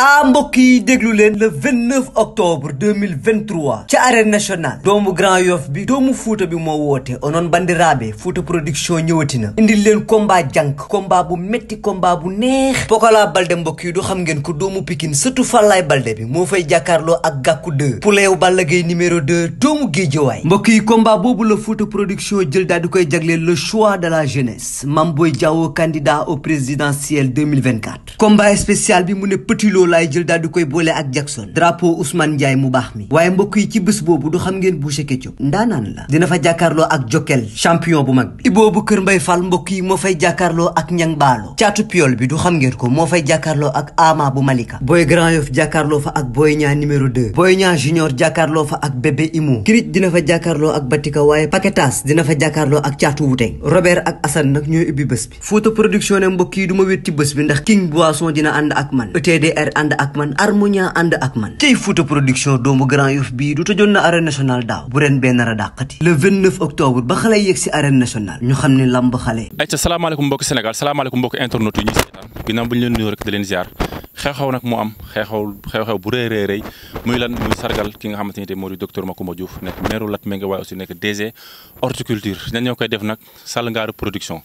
ah mbokk yi déglu leen le 29 octobre 2023 ci arène nationale doomu Grand Yoff bi doomu Fuuta bi moo woote onoon bandiraabe Fuuta production ñëwatina na indil leen combat jànk combat bu metti combat bu neex Pokola Balde mbokk yi du xam ngeen ko doomu Pikine surtout Fallaye Balde bi moo fay jàkkaarloo ak gàkku 2 puleew Balla Gaye numéro 2 doomu Géejawaay mbokk yi combat boobu la Fuuta production jël daal di koy jagleel le choix de la jeunesse Mame Boye Diao candidat au présidentiel 2024 combat spécial bi laay jël daal di koy boole ak Jackson drapeau Ousmane Ndiaye mu baax mi waaye mbokk yi ci bés boobu du xam ngeen Boucher Ketchup ndaanaan la dina fa jàkkaarloo ak Jokel champion bu mag bi iboobu Kër Mbay Fall mbokk yi moo fay jàkkaarloo ak Ñang Baalo caatu piol bi du xam ngeen ko moo fay jàkkaarloo ak Ama bu Malika Boy Grand Yoff jàkkaarloo fa ak Boy Niang numéro 2 Boy Niang junior jàkkaarloo fa ak Bébé Imo Kirit dina fa jàkkaarloo ak Batika waaye Paquetas dina fa jàkkaarloo ak caatu Wuteng Robert ak Assane nag ñooy ubbi bés bi Fouta Production ne mbokk ma wéet ci bés bi ndax King Boisson dina ànd ànd ak man harmonia ànd ak man tey Fouta production doomu Grand Yoff bii du tëjoon na arène nationale daaw bu ren bee nar a dàqati le 29 octobre ba xale yegg si arène ñu xam ne lamb xale ayca salaamaaleykum mbokk Sénégal salaamaaleykum mbokk internet yi ñu seetaan ginnaaw bu ñu leen nuyoo rek da leen ziar xew-xew nag moo am xew-xew bu rëy rëy muy lan muy sargal ki nga xamante ni tey moo di ma Macoumba Diouf nekk maire Latmingué waaye aussi nekk DG horticulture dañoo koy def nag Sall Ngaaru production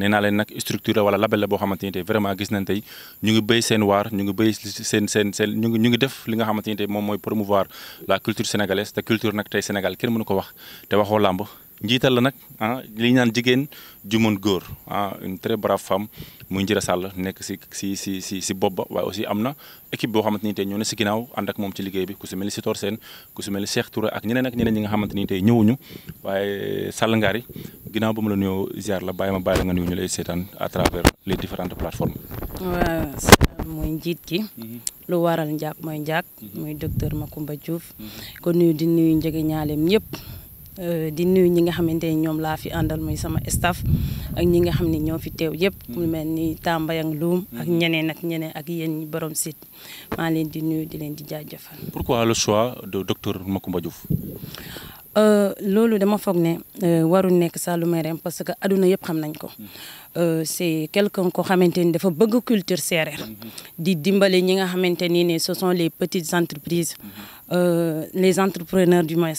nee naa leen nag structure wala label la boo xamante ni tey vraiment gis nañ tey ñu ngi béy seen waar ñu ngi béy seen seen seen ñu ngi ñu ngi def li nga xamante ni tey moom mooy promouvoir la culture sénégalaise te culture nag tey Sénégal kenn mënu ko wax te waxoo làmb njiital la nag ah li ñu naan jigéen ju mën góor ah une très brave femme muy Njira Sall nekk si si si si si ba waaye aussi am na équipe boo xamante ni tey ñoo ne si ginnaaw ànd ak moom ci liggéey bi ku si mel ni Sitor Sène ku si mel ni Cheikh Touré ak ñeneen ak ñeneen ñi nga xamante ni tey ñëwuñu waaye Sall Ngari ginnaaw ba mu la nuyoo ziar la bàyyi ma bàyyi la nga nuyu ñu lay seetaan à travers les différentes plateformes. waaw mooy njiit gi. Mm-hmm. lu waral njaak mooy njaak. Mm-hmm. muy docteur Macoumba mm-hmm. di nuyu njëge ñaaleem ñëpp. Euh, di nuyu ñi nga xamante ni ñoom laa fi àndal muy sama staff ak ñi nga xam ne ñoo fi teew yëpp mu mel ni Tambayang Loum ak mhm. ñeneen ak ñeneen ak yéen borom site maa leen di nuyu di leen di jaajëfal. pourquoi le choix de docteur Macoumba Diouf. Euh, loolu dama foog ne euh, warul nekk Saloumérène parce que aduna yëpp xam nañ ko mhm. c'est quelqu'un ko xamante ni dafa bëgg culture séeréer mhm. di dimbale ñi nga xamante nii ne ce sont les petites entreprises les entrepreneurs du moins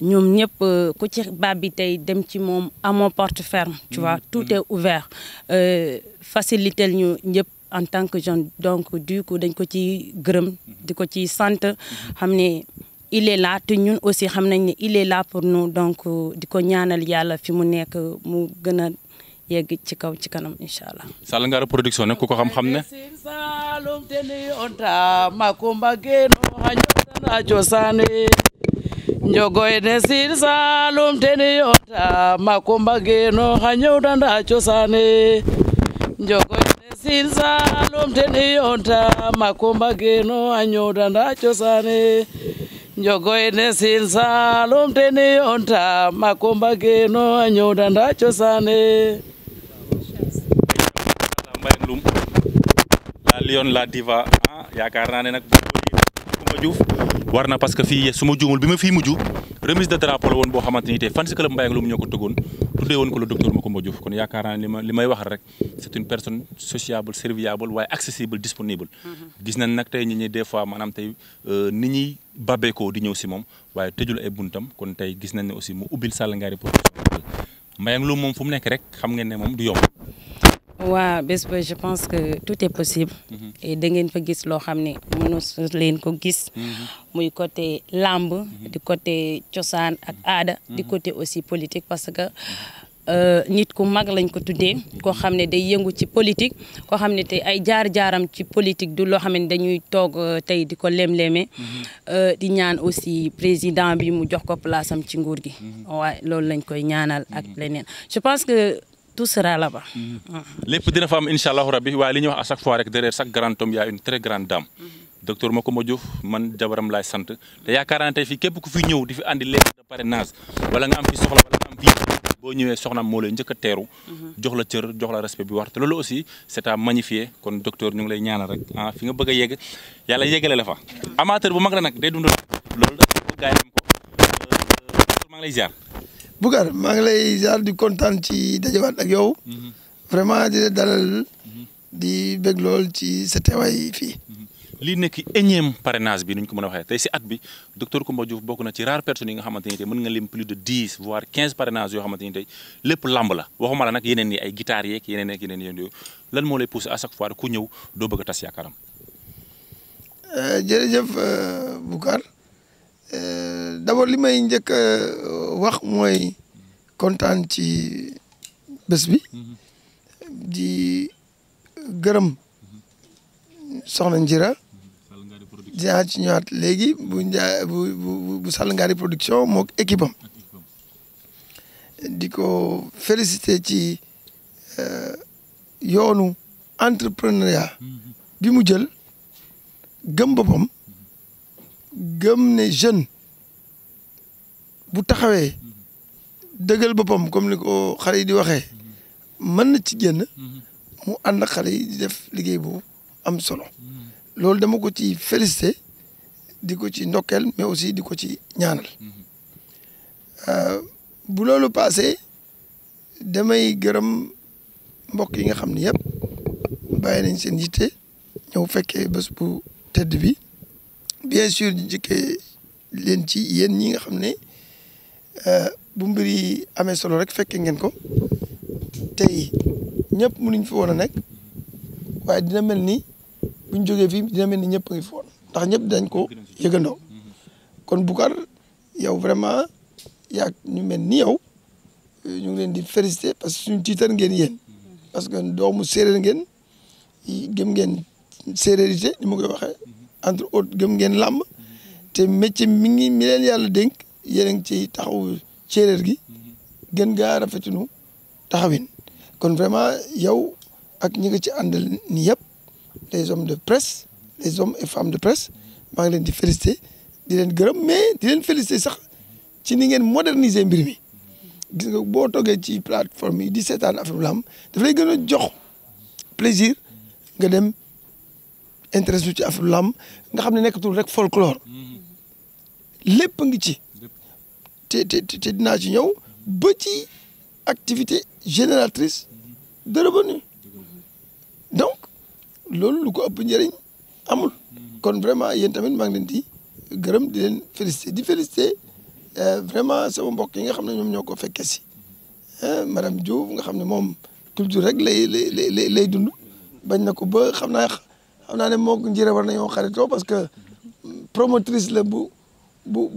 ñoom ñëpp euh, ku ci baab bi tey dem ci moom amoo porte ferme tu vois mm-hmm. tout est ouvert euh, faciliter ñu ñëpp en tant que jeune donc du coup dañ ko ci gërëm di ko ci sant mm-hmm. xam ne il est là te ñun aussi xam nañ ne il la pour nous donc euh, di ko ñaanal yàlla fi mu nekk mu gën a yegg ci kaw ci kanam incha allah. Sall Ngara production nag ku ko xam-xam ne. njogoyne siin saalum ten yoota makumba ten yoota makumba geeno a ñëwta nda cosaane njogoyne siin ten yoota makumba geeno a ñëwta yaakaar naa ne Diouf war na parce que fii su ma juumul bi ma fii mujj remise de drapeau la woon boo xamante ni tey fan si club Mbaye ak Loum ñoo ko tëggoon tuddee woon ko la docteur Macoumba Diouf kon yaakaar naa li ma li may waxal rek c'est une personne sociable serviable waaye accessible disponible mm-hmm. gis nañ nag tey nit ñi des maanaam tey euh, ni ñuy babeekoo di ñëw si moom waaye tëjul ay buntam kon tey gis nañ ne aussi mu ubbil Salla Ngari pour Mbaye ak Loum moom fu mu nekk rek xam ngeen ne moom du yomb waa bés ba je pense que tout est possible. Mhm. et da ngeen fa gis loo xam ne mënu leen ko gis. Mhm. muy côté làmb. Mhm. di côté cosaan ak aada. di côté aussi politique parce que. Euh, nit ku mag lañ ko tuddee koo xam ne day yëngu ci politique koo xam ne tey ay jaar-jaaram ci politique du loo xam ne dañuy toog euh, tey di ko lem-leme euh, di ñaan aussi président bi mu jox ko place am ci nguur gi waaye lañ koy ñaanal ak leneen tout sera là-bas. Mm-hmm. lépp dina fa am incha allahu rabbi waaye li ñuy wax à chaque fois rek derrière chaque grand homme y a une très grande dame. Mm-hmm. docteur Macoumba Diouf man jabaram laay sant te yaakaar naa tey fi képp ku fi ñëw di fi andi lettre de parrainage wala nga am fi soxla wala nga am fii boo ñëwee soxnaam moo lay njëkk teeru. Mm-hmm. jox la cër jox la respect bi war te loolu aussi c'est à magnifier kon doctor ñu ngi lay ñaana rek ah fi nga bëgg a yegg yàlla yeggale la fa. amateur bu mag la nag day dund loolu ko euh, maa ngi lay ziar. Boucar maa ngi lay jaar di kontaan ci dajawaat ak yow. Mhm. vraiment di la dalal. Mhm. di bég lool ci sa teewaay fii. Mhm. li nekk énième parrainage bi ni ñu ko mën a waxee tey si at bi docteur Coumba Diouf bokk na ci rare personnes yi nga xamante ni tey mën nga lim plus de dix voire quinze parrainage yoo xamante tey lépp lamb la waxuma la nag yeneen yi ay guitare yeeg yeneen ak yeneen yooyu lan moo lay poussé à chaque fois ku ñëw doo bëgg a tas yaakaaram. Euh, jërëjëf euh, Boucar. Euh, d'abord li may njëkk a euh, wax mooy kontaan ci bés bi di gërëm soxna Njira dinaa ci ñëwaat léegi bu njaa bu bu production mook équipe di ko féliciter ci euh, yoonu entrepreneuriat bi mu jël gëm boppam. gëm ne jeune bu taxawee dëggal boppam comme ni ko xale yi di waxee mën na ci génn mu ànd ak xale def liggéey bu am solo loolu dama ko ci félicité di ko ci ndokkeel mais aussi di ko ci ñaanal euh, bu loolu passé damay gërëm mbokk yi nga xam ne yëpp bàyyi nañ seen yitte ñëw fekkee bés bu tedd bi bien sûr ñu njëkkee leen ci yéen ñi nga xam ne euh, bu mbir yi amee solo rek fekke ngeen ko tey ñëpp mënuñ fi woon a nekk waaye dina mel ni buñ jógee fii dina mel ni ñëpp a ngi ndax ñëpp dañ ko yëgandoo kon Boucar yow vraiment yaa ñu mel ni yow ñu ngi leen di féliciter parce que suñu tiitar ngeen yéen parce que doomu séeréer ngeen gëm ngeen séréerité ni ma koy waxe entre autres gëm ngeen làmb te métier mi ngi mi leen yàlla dénk yéen a ngi ciy taxaw séeréer gi gën gaa rafetinu taxawin kon vraiment yow ak ñi nga ci àndal ni yëpp les hommes de presse les hommes et femmes de presse maa ngi leen di féliciter di leen gërëm mais di leen féliciter sax ci ni ngeen moderniser mbir mi di nga boo toggee ci plateforme yi di seetaan affaire lam daf lay gën a jox plaisir nga dem intéresse ci affaire làmb nga xam ne nekkatul rek folklore lépp ngi ci te te te dinaa ci ñëw ba ci activité génératrice de revenu donc loolu lu ko ëpp njëriñ amul kon vraiment yéen tamit maa ngi leen di gërëm di leen félicité di félicité euh, vraiment sama mbokk yi nga xam ne ñoom ñoo ko fekkee si euh, madame Diouf nga xam ne moom culture rek lay lay lay lay dund bañ na ko ba xam naa xam naa ne moog Njire war nañoo xaritoo parce que promotrice la bu bu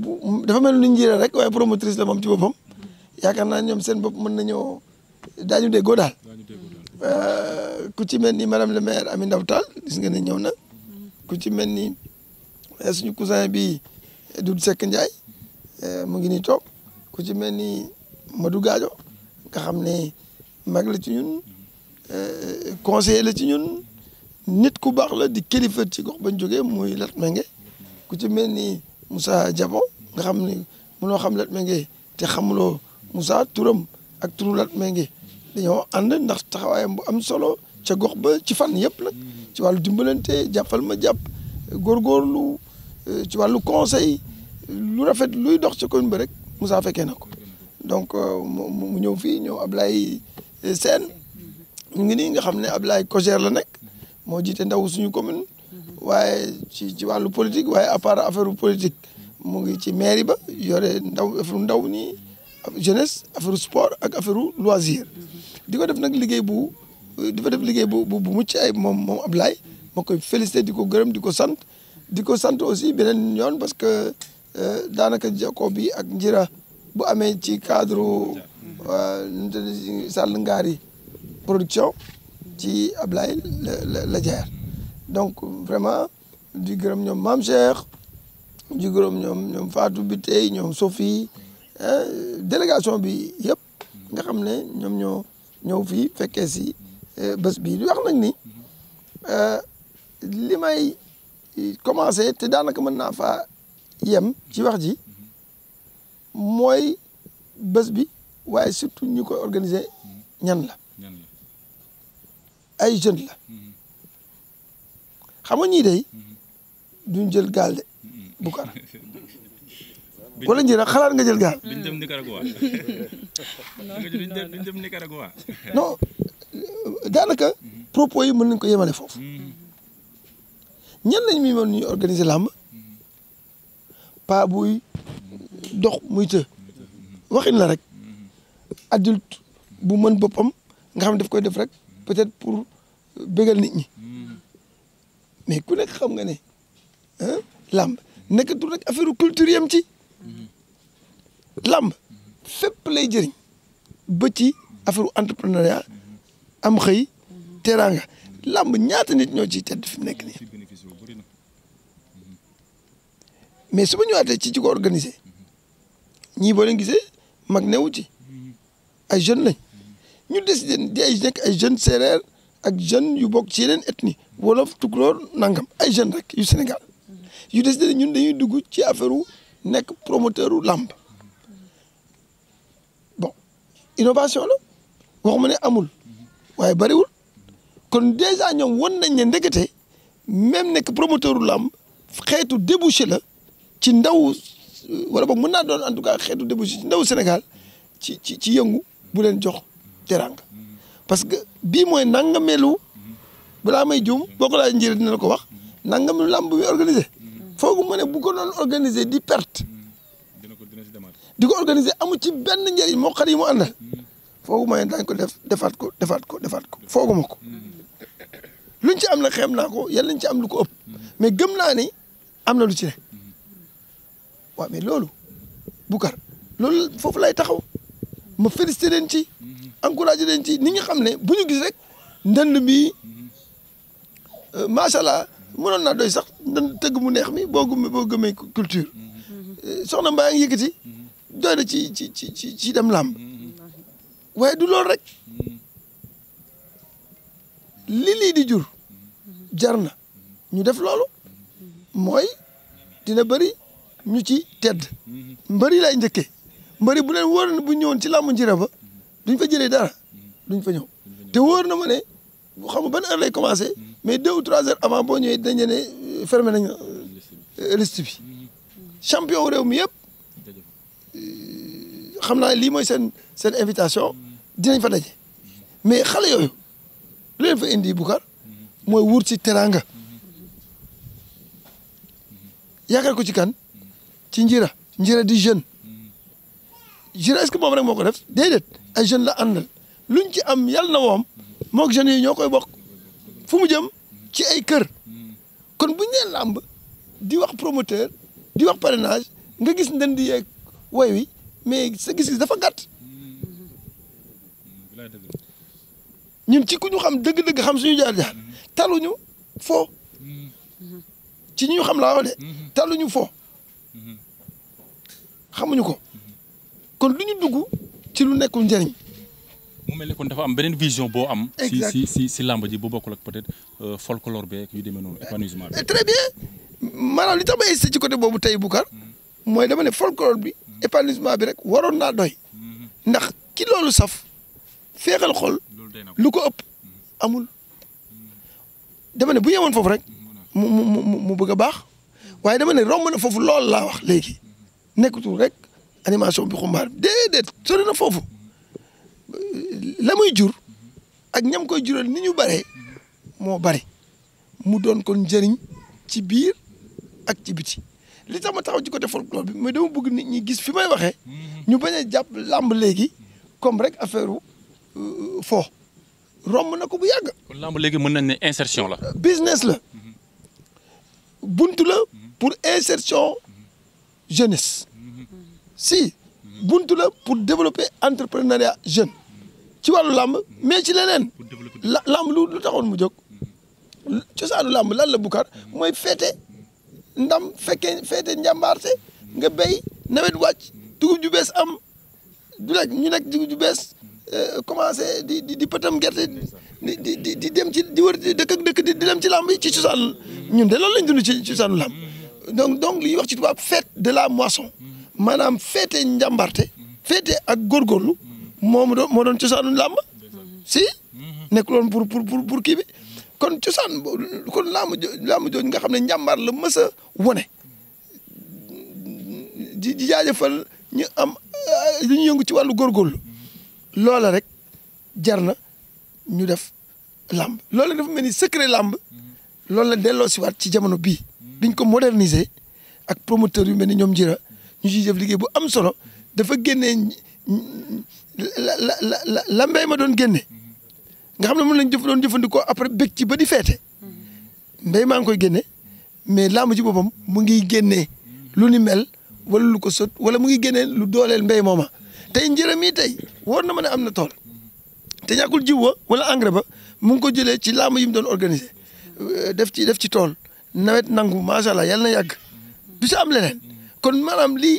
dafa mel ni Njire rek waaye promotrice la moom ci boppam yaakaar naa ñoom seen bopp mën nañoo daañu déggoo daal euh, ku ci mel ni madame le maire Ami Ndaw Tall gis nga ne ñëw na ku ci mel ni euh, suñu cousin bi Doudou Seck Ndiaye euh, mu ngi nii toog ku ci mel ni Madou nga xam ne mag la ci ñun conseiller la ci ñun. nit ku baax la di kilifa ci gox bañ jógee muy Latmingué ku ci mel ni Moussa Diabo nga xam ni mënoo xam Latmingué te xamuloo Moussa turam ak turu Latmingué dañoo ànd ndax taxawaayam bu am solo ca gox ba ci fànn yëpp nag ci wàllu dimbalante jàppal ma jàpp lu ci wàllu conseil lu rafet luy dox ci commune ba rek Moussa fekkee na ko donc euh, mu ñëw fii ñëw Ablaye Sène ñu ngi nii nga xam ne Ablaye Cogère la nekk moo jiite ndaw suñu commune waaye ci ci wàllu politique waaye à part affaire politique mu ngi ci mairie ba yore ndaw affaire ndaw nii jeunesse affaire sport ak affaire loisir di ko def nag liggéey bu di fa def liggéey bu bu mucc ay moom moom Ablaye ma koy félicité di ko gërëm di ko sant di ko sant aussi beneen yoon parce que euh, daanaka jokko bi ak njira bu amee ci cadre euh, nu sàll ngaari production ci Ablaye la la jaar donc vraiment di gërëm ñoom Mame Cheikh di gërëm ñoom ñoom Fatou Biteye ñoom Sophie délégation bi yëpp nga xam ne ñoom ñoo ñëw fii fekkee si euh, bés bi di wax nag ni euh, li may commencé te daanaka mën naa fa yem ci wax ji moy bés bi waaye surtout ñu ko organiser ñan la ay jeune la xam nga ñii day duñ jël gaal de Boucar wala ñii nag xalaat nga jël gaal. duñ dem Nicaragua duñ dem Nicaragua non daanaka propos yi mën nañ ko yemale foofu ñan lañ mi mën ñu organiser làmb pa buy dox muy të waxin la rek adulte bu mën boppam nga xam daf koy def rek. peut-être pour bégal nit ñi hmm. mais ku nekk xam nga ne ah làmb nekkatul rek affaire culture yam ci hmm. làmb fépp lay jëriñ ba ci affaire entrepreneuriat am xëy hmm. teraanga làmb ñaata nit ñoo ciy tedd fi mu nekk nii mais su ma ñëwaatee ci ci ko organiser ñii boo leen gisee mag newu ci ay jeunes lañ. ñu décidé di ay nekk ay jeunes séeréer ak jeunes yu bokk ci yeneen ethnie wolof tukulóor nangam ay jeunes rek yu Sénégal yu décidé ñun dañuy dugg ci affaire wu nekk promoteur u làmb bon innovation la waxuma ne amul waaye bariwul kon déjà ñoom won nañ ne ndekete même nekk promoteur u làmb xeetu débouché la ci ndaw wala boog mën naa doon en tout cas xeetu débouché ci ndaw Sénégal ci ci ci yëngu bu leen jox teraanga parce que bii mooy nangamelu balaa may juum boo laa laaj di dina la ko wax nangamelu làmb bi organisé foogu ma ne bu ko doon di perte di ko organisé amu ci benn njëriñ moo xar yi mu àndal foogu ma ne ko def defaat ko defaat ko defaat ko foogum ko luñ ci am na xeem naa ko yàlla nañ ci am lu ko ëpp mais gëm naa ni am na lu ci ne waaw mais loolu Boucar loolu foofu lay taxaw ma félicité ci encouragé leen ci nit ñi xam ne bu ñu gis rek ndënd mi macha allah mënoon naa doy sax ndënd tëgg mu neex mi boo gëmee boo gëmee culture soxna Mbaye a ngi yëkkati doy na ci ci ci ci dem làmb waaye du loolu rek li lii di jur jar na ñu def loolu mooy dina bëri ñu ci tedd mbëri lay njëkkee mbëri bu leen wóor na bu ñëwoon ci làmb njëre ba duñ fa jëlee dara duñ fa ñëw de woor na ma ne xam nga ban heure lay commencé mais deux ou trois heures avant boo ñëwee dañ ne euh, fermé nañ euh, liste bi champion réew mi yëpp euh, xam naa lii mooy seen seen invitation dinañ fa daje mais xale yooyu lu fa indi Boucar mooy wut ci teranga yaakaar ko ci kan ci njira njira di jeune njira est-ce rek moo ko def déedéet ay jeunes la lu luñ ci am yàlla na woom moog jeunes yi ñoo koy bokk fu mu jëm ci ay kër kon buñ nee làmb di wax promoteur di wax parrainage nga gis ndënd yeeg woy wi mais sa gis-gis dafa gàtt ñun ci ku ñu xam dëgg-dëgg xam suñu jaar-jaar taluñu foo ci ñu xam laa wax de taluñu foo xamuñu ko kon lu ñu dugg ci lu nekkul njariñ mu mel ne kon dafa am beneen vision boo am. si si si si làmb ji bu bokkul ak peut-être euh, folklore beeg yu demee noonu épanouissement bi. Eh, très bien maanaam li tax ma insisté ci côté boobu tey Boucar hmm. mooy dama ne folklore bi hmm. épanouissement bi rek waroon naa doy hmm. ndax ki loolu saf feexal xol lu ko ëpp amul dama ne bu yemoon foofu rek mu mu mu bëgg a baax waaye dama ne romb na foofu loolu laa wax léegi nekkatul rek. animation bi xumbaar déedéet sori na foofu la jur ak ñam koy jural ni ñu bare moo bari mu doon kon njëriñ ci biir ak ci biti li tax ma taxaw ci côté folklore bi mais dama bëgg nit ñi gis fi may waxee mm-hmm. ñu bañ a jàpp làmb léegi comme rek affaire euh, fo romb na ko bu yàgg. kon làmb léegi mën nañ ne insertion la. business la mm-hmm. buntu la mm-hmm. pour insertion jeunesse si buntu la pour développer entrepreneuriat jeune ci wàllu làmb mais ci leneen la làmb lu lu taxoon mu jóg cosaanu làmb lan la Boucar mooy féete ndam fekkee féete se nga béy nawet wàcc dugub ju bees am du rek ñu nekk dugub ju bees euh, commencé di di di pëtam gerte di di di dem ci di wër dëkk ak dëkk di dem ci làmb yi ci cosaanu ñun de loolu lañ dund ci cosaanu làmb donc donc li ñuy wax ci tubaab fête de la moisson maanaam féete njàmbarte féete ak góorgóorlu moo doon moo doon cosaanu làmb si nekk loon pour pour pour pour kii bi kon cosaan kon làmb jo làmb jooju nga xam ne njàmbaar la mës a wone di di jaajëfal ñu am lu ñu yëngu ci wàllu góorgóorlu loola rek jar na ñu def làmb loola dafa mel ni secret làmb loolu la delloo siwaat ci jamono bii biñ ko moderniser ak promoteur yu mel ni ñoom jira ñu ciy def liggéey bu am solo dafa génnee la la la la mbéy ma doon génne nga xam ne mën nañ jëf doon jëfandikoo après bëgg ci ba di feete mbey maa ngi koy génne mais làmb ci boppam mu ngi génnee lu ni mel walla lu ko sot wala mu ngi génnee lu dooleel mbéy mooma tey njëriñ mi tey war na ma ne am na tool te ñàkkul jiw wa wala engrais ba mu ngi ko jëlee ci làmb yi mu doon organiser euh, def ci def ci tool nawet nangu macha allah yàlla na yàgg du si am leneen. kon maanaam lii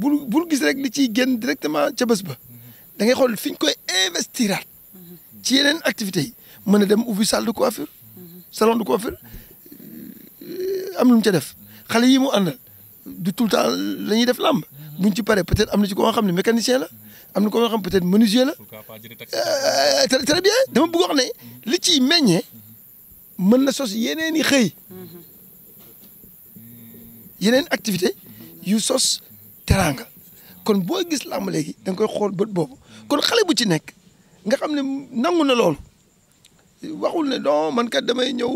bul bul gis rek li ciy génn directement ca bés ba da ngay xool fi koy investiraat ci yeneen activités yi mën a dem ubbi salle de coiffure salon de coiffure euh, am lu mu def xale yi mu àndal du tout le temps la ñuy def làmb buñ ci paree peut-être am na ci ko nga xam ne mécanicien la am na ko nga xam peut-être menuisier la euh, euh, très bien dama bëgg wax ne li ciy meññee mën na sos yeneen i xëy hmm. yeneen activité yu sos teraanga kon boo gis làmb léegi da koy xool bët boobu kon xale bu ci nekk nga xam ne nangu na loolu waxul ne don man ka damay ñëw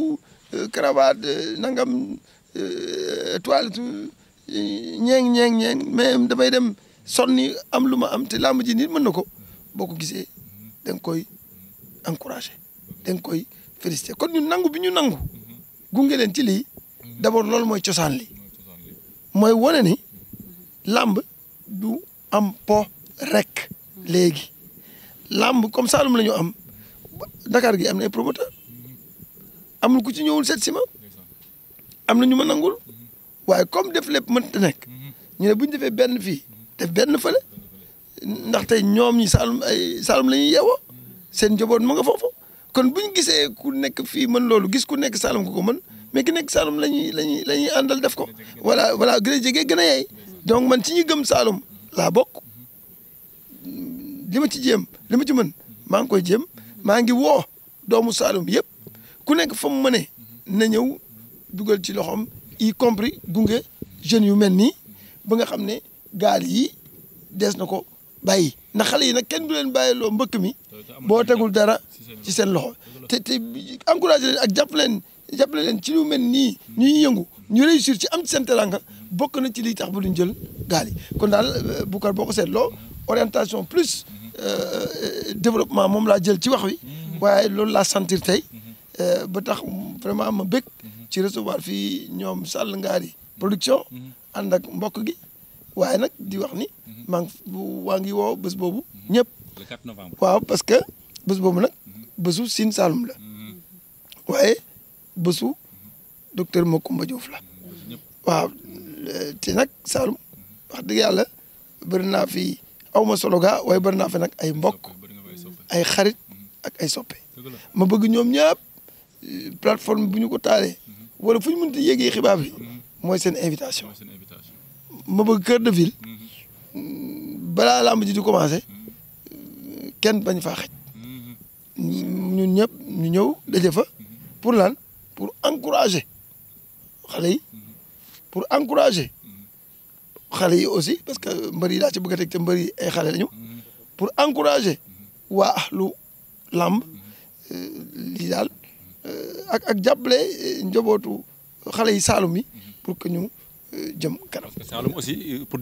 euh, cravate euh, nangam étoile euh, ñeeng ñeeng ñeeng mais damay dem sonni am lu ma am te làmb ji nit mën na ko boo ko gisee da koy encouragé da koy félicité kon ñu nangu bi ñu nangu gunge leen ci lii d'abord loolu mooy cosaan li mooy wane ni làmb du am po rek léegi làmb comme Saalum la ñu am Dakar gi am na ay promoteur amul ku ci ñëwul seet si am na ñu ma nangul waaye comme def lépp mënta nekk ñu ne buñ defee benn fii def benn fële ndaxte tey ñoom ñi Saalum ay Saalum la ñuy yeewoo seen njaboot ma nga foofu kon bu ñu gisee ku nekk fii mën loolu gis ku nekk Saalum ko ko mën mais ki nekk Saalum la la ñuy la ñuy àndal def ko voilà voilà gën a gën a donc man ci ñi gëm Saalum laa bokk li ma ci jéem li ma ci mën maa ngi koy jéem maa ngi woo doomu Saalum yëpp ku nekk fa mu mënee na ñëw dugal ci loxoom y compris gunge jeunes yu mel nii ba nga xam ne gaal yi des na ko bàyyi ndax xale yi nag kenn du leen bàyyiloo mbëkk mi boo tegul dara ci seen loxo te te encouragé leen ak jàpp leen. jàppale ci lu mel nii ñuy yëngu ñu réussir ci am ci seen bokk na ci liy tax ba duñ jël gaal yi kon daal euh, Boucar boo ko seetloo orientation plus euh, développement moom laa jël ci wax wi waaye loolu la sentir tey euh, ba tax vraiment ma bëgg ci recevoir fi ñoom Sall Ngari production ànd ak mbokk gi waaye nag di wax ni maa ngi waa ngi woo bés boobu ñëpp waaw parce que bés boobu nag bésu Sine Saloum la mm-hmm. waaye bësu docteur Macoumba Diouf la waaw te nag Saloum wax dëgg yàlla bëri naa fi aw ma solo gaa waaye bëri naa fi nag ay mbokk ay xarit ak ay soppe ma bëgg ñoom ñëpp plateforme bu ñu ko taalee wala fu ñu mënti yéegee xibaar bi mooy seen invitation ma bëgg cœur de ville balaa làmb ji di commencé kenn bañ faa xaj ñun ñëpp ñu ñëw daje fa pour lan pour encourager xale yi pour encourager xale yi aussi parce que mbër yi daa teg te mbari yi ay xale lañu pour encourager waa ahlu làmb euh, lii daal euh, ak ak jàppale euh, njabootu xale yi Saalum yi pour que ñu jëm kanam. Saalum aussi euh, pour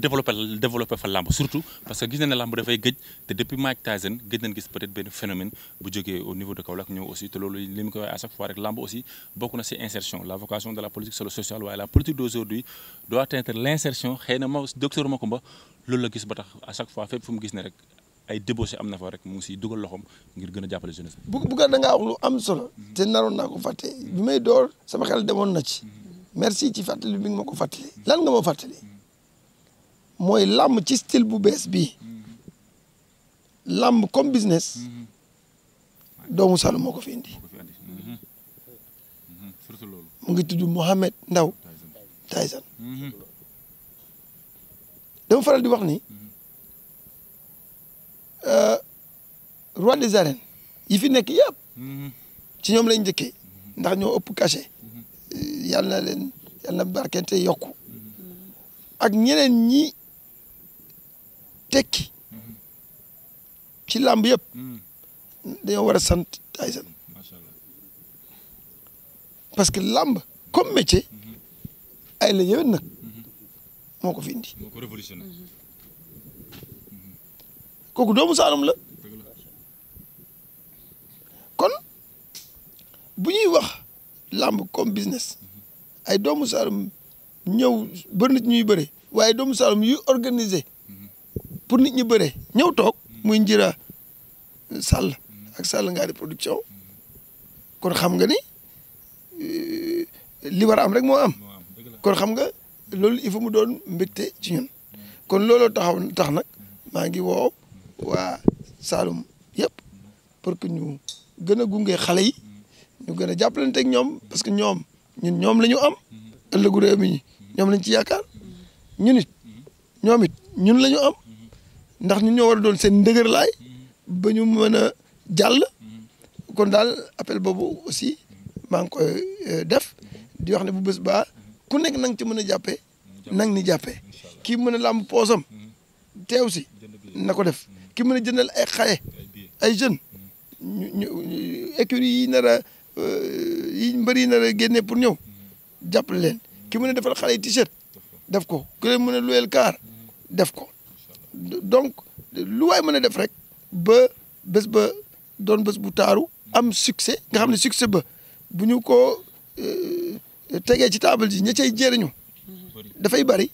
développer fa làmb surtout parce que gis nañ ne làmb dafay gëj te depuis Mike Tyson gëj nañ gis peut benn phénomène bu jógee au niveau de Kaolack ñëw aussi te loolu li mu koy waxee à chaque fois rek làmb aussi la vocation de la politique c'est le waaye la politique d'aujourd'hui doit être l'insertion xëy na ma docteur loolu la gis ba tax à chaque fois fépp fu mu gis ne rek ay débauché am na merci ci fàttali bi nga ma ko fàttali lan nga ma fàttali mooy làmb ci style bu bees bii làmb comme business doomu Saloum moo ko fi indi mu ngi tudd Mohamed Ndaw Tyson dama faral di wax ni euh, roi des arènes yi fi nekk yëpp ci ñoom lañ njëkkee ndax ñoo ëpp cachet yàlla na leen yàlla na barke te yokku ak ñeneen ñi tekki ci làmb yëpp dañoo war a sant Tyson parce que làmb comme métier ay la yëwen nag moo ko fi indi moo ko révolutionné kooku doomu Saalum la kon bu ñuy wax làmb comme business ay doomu Saloum ñëw bëri nit ñuy bëre waaye doomu Saloum yuy organiser pour nit ñi bëre ñëw toog muy njira Sall ak Sall Ngari production kon xam nga ni li war a am rek moo am kon xam nga loolu il faut mu doon mbégte ci ñun kon looloo taxaw tax nag maa ngi woo waa Saloum yëpp pour que ñu gën a gunge xale yi ñu gën a jàppalante ak ñoom parce que ñoom. ñun ñoom la ñu am ëllëgu réew mi ñoom lañ ci yaakaar ñun it ñoom it ñun lañu am ndax ñun ñoo war doon seen ndëgër lay ba ñu mën a jàll kon daal appel boobu aussi maa ngi koy euh, def di wax ne bu bés baa ku nekk na nga ci mën a jàppee na ni jàppee kii mën a làmb poosam teew si na ko def ki mën a jëndal ay xaye ay jeunes ñu ñu écurie yi nar Euh, yi mbëri nar a génne pour ñëw jàpp leen ki mën a defal xale yi t-shirt def ko ku leen mën a luweel kaar def ko donc lu waay mën a def rek ba bës ba doon bés bu taaru am succès nga xam ne succès ba bu ñu ko euh, tegee ci table ji ña cay jëriñu dafay bari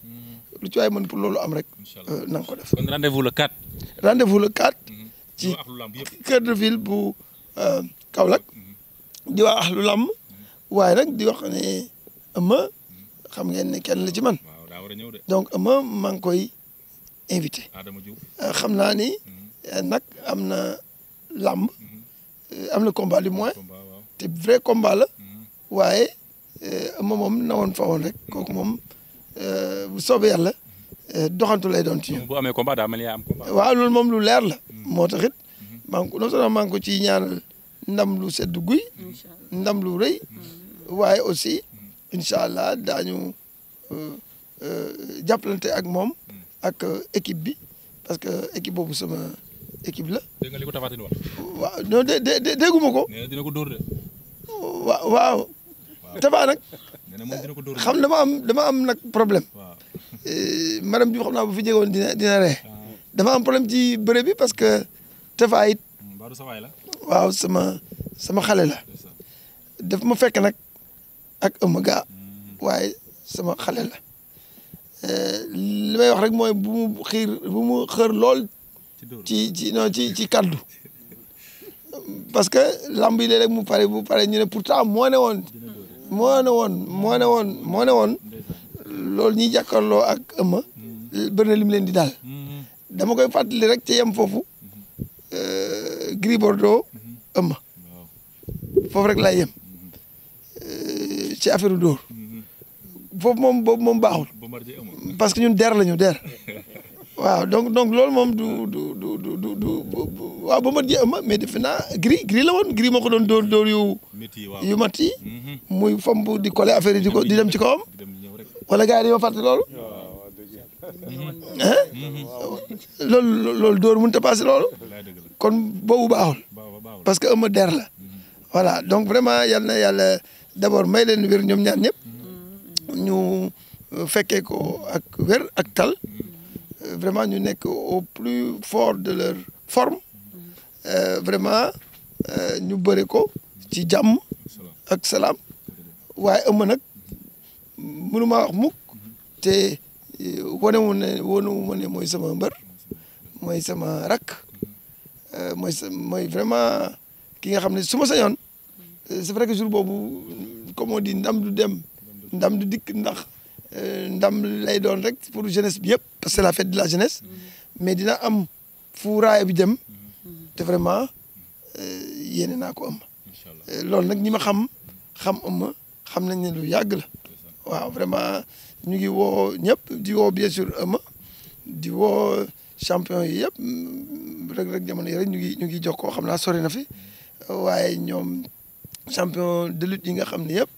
lu ci waay mën pour loolu am rek euh, na nga ko def. kon rendez-vous le 4. rendez-vous le 4. Mm-hmm. ci kër ville bu Kaolack. di waa ahlu làmb waaye nag di wax ne ëmma xam ngeen ne kenn la ci man donc ëmma maa ngi koy invité euh, xam naa ni mhm. euh, nag am na làmb mhm. euh, am na combat du moins te vrai combat la mhm. waaye ëmma moom na woon fa woon rek kooku moom bu soobee yàlla doxantu lay doon ci ñun. bu amee combat daa am combat. moom lu leer la. moo taxit it maa ko non seulement maa ngi ko ciy ñaanal. ndam lu sedd guy ndam lu rëy mm-hmm. waaye aussi incha allah daañu euh, euh, jàppalante ak moom mm. ak euh, équipe bi parce que équipe boobu sama équipe la. dégg nga li ko waaw non dé dé dégguma ko. nee na dama am dama am nag problème. waaw madame Diouf xam naa bu fi jegoon dina dina ree. Ah. dama problème ci bëre parce que Tapha it. Mm, la. waaw sama sama xale la daf ma fekk nag ak ëmb gaa waaye sama xale la eh, li may wax rek mooy bu mu xiir bu lool ci ci non ci ci kaddu parce que lamb yi rek mu pare bu pare ñu ne pourtant moo ne woon moo ne woon moo woon moo ne woon loolu ñuy jàkkaarloo ak ëmma bëri na lim leen di daal mm. dama koy fàttali rek ci yem foofu mm-hmm. eh, Gris Bordeaux ëmma foofu rek laa yem ci affaire door foofu moom boobu moom baaxul parce que ñun der lañu der waaw donc donc loolu moom du du du du du du waaw ba ma ji ëmma mais defe naa gris gris la woon gris moo ko doon dóor dóor yu yu mat yi mhm. muy fomb di collé affaire yi di ko di dem ci kawam wala gars yi dañoo fàtte loolu mhm. loolu loolu dóor mënut a passé loolu kon boobu baaxul parce que ëmb der la voilà donc vraiment yal na yàlla d' abord may leen wér ñoom ñaar ñëpp ñu fekkee ko ak wér ak tal vraiment ñu nekk au plus fort de leur forme euh, vraiment euh, ñu bëre ko ci jàmm ak salaam waaye ëmb nag mënuma wax mukk te euh, wane wu ne wane mooy sama mbër mooy sama rakk Euh, mooy mooy vraiment ki nga xam ne suma ma sañoon euh, c'est que jour boobu comme on dit ndam du dem ndam du dikk ndax euh, ndam lay doon rek pour jeunesse bi yëpp parce que la fête de la jeunesse mais dina am fu bi dem te vraiment yéene naa ko am loolu nag ñi ma xam xam am xam nañ ne lu yàgg la waaw vraiment ñu ngi woo ñëpp di woo bien sûr ama di woo champion yi yëpp rek rek jamono yi rek ñu ngi ñu ngi jox koo xam naa sori na fi waaye ñoom champion de lutte yi nga xam ne yëpp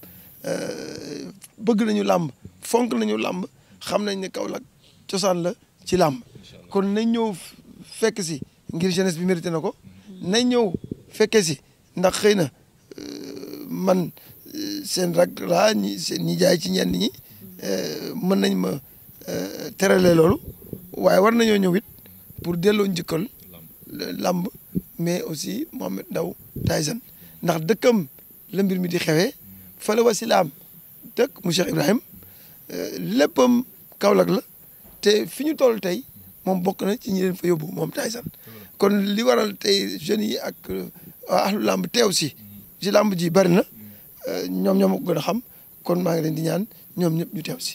euh, bëgg nañu làmb fonk nañu làmb xam nañ ne Kaolack cosaan la ci làmb kon nañ ñëw fekk si ngir jeunesse bi mérité na ko mm-hmm. nañ ñëw fekke si ndax xëy na euh, man euh, seen rak laa ñi seen ñi jaay ci ñeen ñi mën nañ ma terale loolu waaye war nañoo ñëw it pour delloo njëkkal làmb mais aussi Mohamed Ndaw Tyson ndax dëkkam la mbir mi di xewee fa la wasilaam dëkk mu Cheikh Ibrahim euh, léppam Kaolack la te fi ñu toll tey moom bokk na ci ñi leen fa moom Tyson kon li waral tey jeunes yi ak euh, ahlu làmb teew si lamb ji bari na euh, ñoom ñoom ko gën a xam kon maa ngi leen di ñaan ñoom ñëpp ñu teew si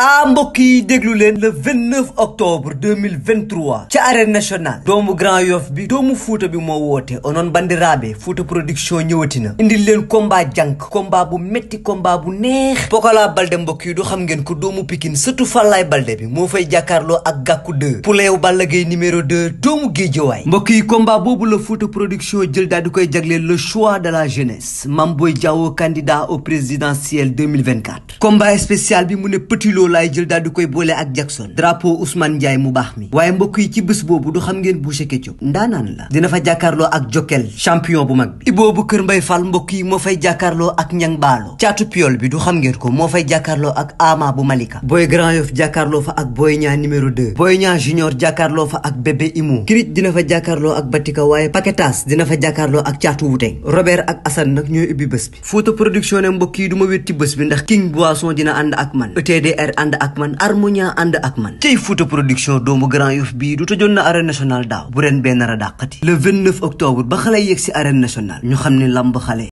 ah mbokk yi déglu leen le 29 octobre 2023 ci arène nationale doomu Grand Yoff bi doomu Fuuta bi moo woote onoon bandiraabe Fuuta production ñëwati na indil leen combat jànk combat bu metti combat bu neex Pokola Balde mbokk yi du xam ngeen ko doomu Pikine surtout Fallaye Balde bi moo fay jàkkaarloo ak Gàkku 2 Poulew Balla Gaye numéro 2 doomu Géejawaay mbokk yi combat boobu la Fuuta production jël daal du koy jagleel le choix de la jeunesse Mame Boye Diao candidat au présidentiel 2024 combat spécial bi Lo laay jël daal di koy boole ak Jackson drapeau Ousmane Ndiaye mu baax mi waaye mbokk yi ci bés boobu du xam ngeen Boucher Ketchup ndaanaan la dina fa jàkkaarloo ak Jokel champion bu mag bi Ibou bu Kër Mbay Fall mbokk yi moo fay jàkkaarloo ak Ñang Baalo caatu piol bi du xam ngeen ko moo fay jàkkaarloo ak Ama bu Malika Boy Grand Yoff jàkkaarloo fa ak Boy Niang numéro 2 Boy Niang junior jàkkaarloo fa ak Bébé Imo Kirit dina fa jàkkaarloo ak Batika waaye Paquetas dina fa jàkkaarloo ak caatu wuteng Robert ak Assane nag ñooy ubbi bés bi Fouta production ne mbokk yi du ma wét ci bés bi ndax King Boisson dina ànd ak man ETDR ànd ak man harmonia ànd ak man tey Fouta production doomu Grand Yoff bii du tëjoon na arène nationale daaw bu ren bee nar a dàqati le 29 octobre ba xale yeeg si arène nationale ñu xam ne lamb xale